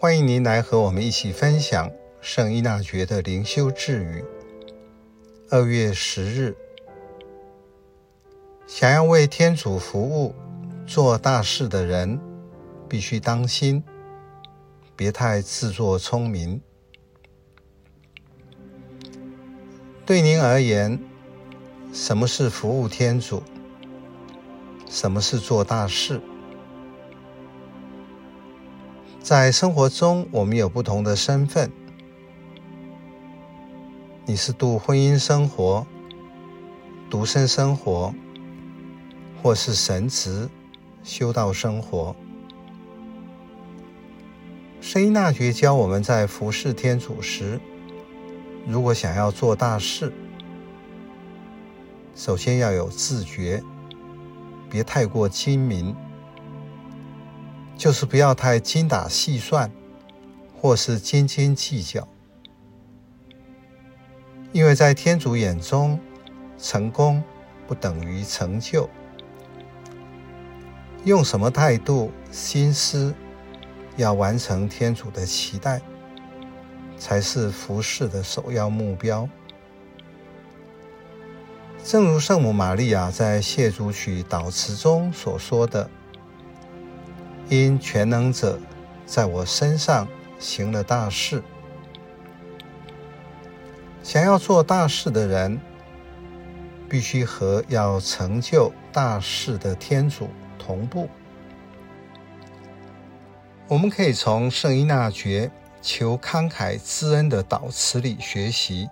歡迎您來和我們一起分享聖依納爵的靈修智語。二月十日，想要為天主服務、做大事的人，必須當心，別太自作聰明。對您而言，什麼是服務天主？什麼是做大事？在生活中，我們有不同的身份。你是度婚姻生活、獨身生活，或是神職、修道生活。聖依納爵教我們在服侍天主時，如果想要做大事，首先要有自覺，別太過精明。就是不要太精打細算，或是斤斤計較，因為在天主眼中，成功不等於成就。用什麼態度、心思，要完成天主的期待，才是服侍的首要目標。正如聖母瑪利亞在謝主曲禱詞中所說的。因全能者在我身上行了大事，想要做大事的人，必須和要成就大事的天主同步。我們可以從聖依納爵求慷慨之恩的禱詞裡學習，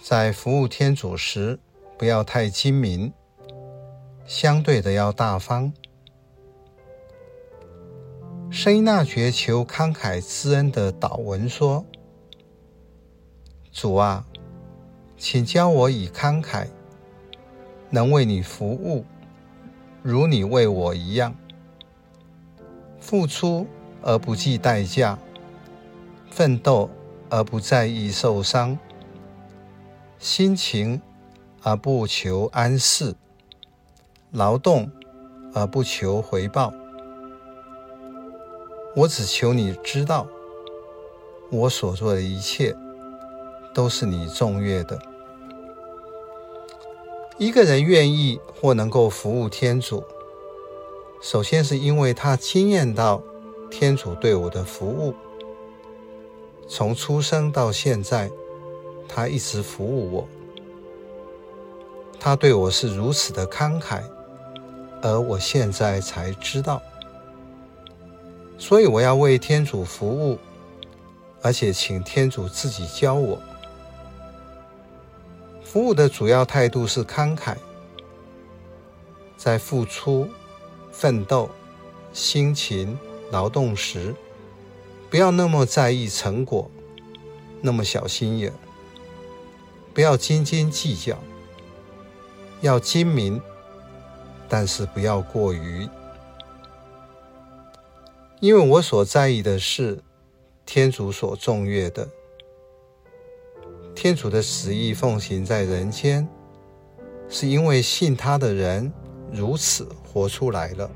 在服務天主時不要太精明，相對的要大方。聖依納爵求慷慨之恩的禱文說：“主啊，請教我以慷慨能為你服務，如你為我一樣，付出而不計代價，奮鬥而不在意受傷，辛勤而不求安適，勞動而不求回報。”我只求你知道，我所做的一切都是你中悅的。一個人願意或能夠服務天主，首先是因為他經驗到天主對我的服務。從出生到現在，他一直服務我，他對我是如此的慷慨，而我現在才知道。所以我要為天主服務，而且請天主自己教我。服務的主要態度是慷慨，在付出、奮鬥、辛勤、勞動時，不要那麼在意成果，那麼小心眼，不要斤斤計較，要精明，但是不要過於。因為我所在意的是，天主所中悅的。天主的旨意奉行在人間，是因為信他的人如此活出來了。